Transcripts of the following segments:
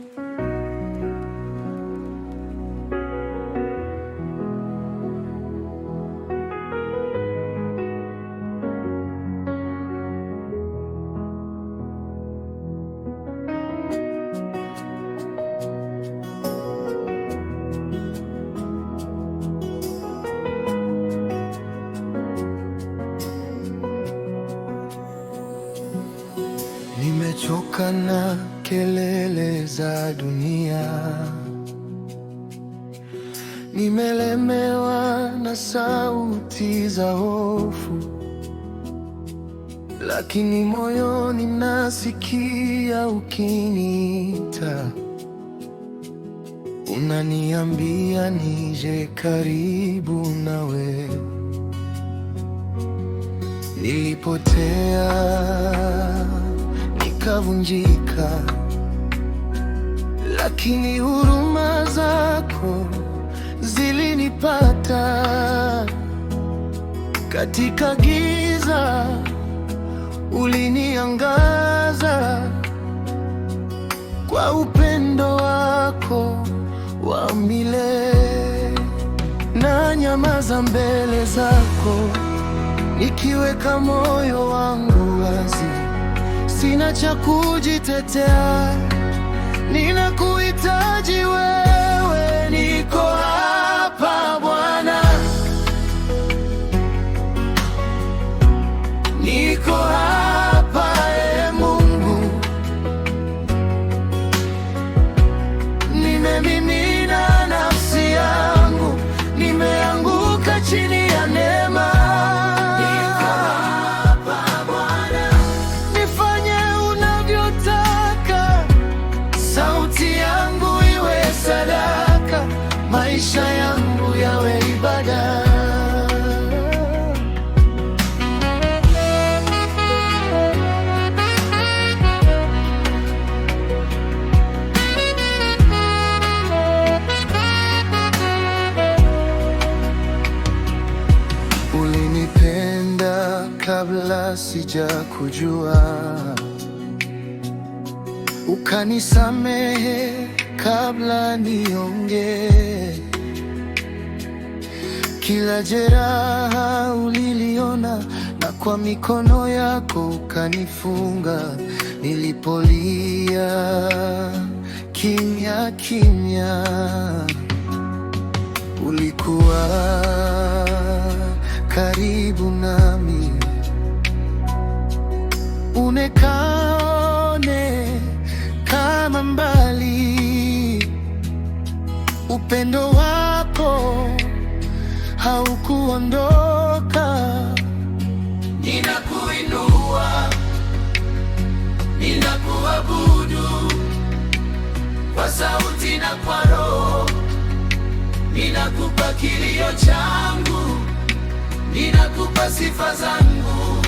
Thank you. nimechoka na kelele za dunia, nimelemewa na sauti za hofu, lakini moyoni nasikia ukiniita, unaniambia nije karibu nawe. Nilipotea nikavunjika, lakini huruma zako zilinipata katika giza, uliniangaza kwa upendo wako wa milele. Na nyamaza mbele zako, nikiweka moyo wangu wazi sina cha kujitetea, ninakuhitaji wewe. maisha yangu yawe ibada. Ulinipenda kabla kujua ukanisamehe kabla niongee kila jeraha uliliona na kwa mikono yako ukanifunga. Nilipolia kimya kimya, ulikuwa karibu nami, unekaone kama mbali, upendo wako ukiondoka, ninakuinua, ninakuabudu kwa sauti na kwa roho, ninakupa kilio changu, ninakupa sifa zangu,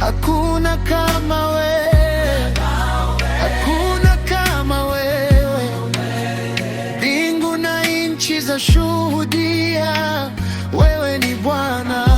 hakuna kama wewe. nitashuhudia wewe ni Bwana.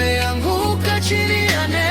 Nimeanguka chini ya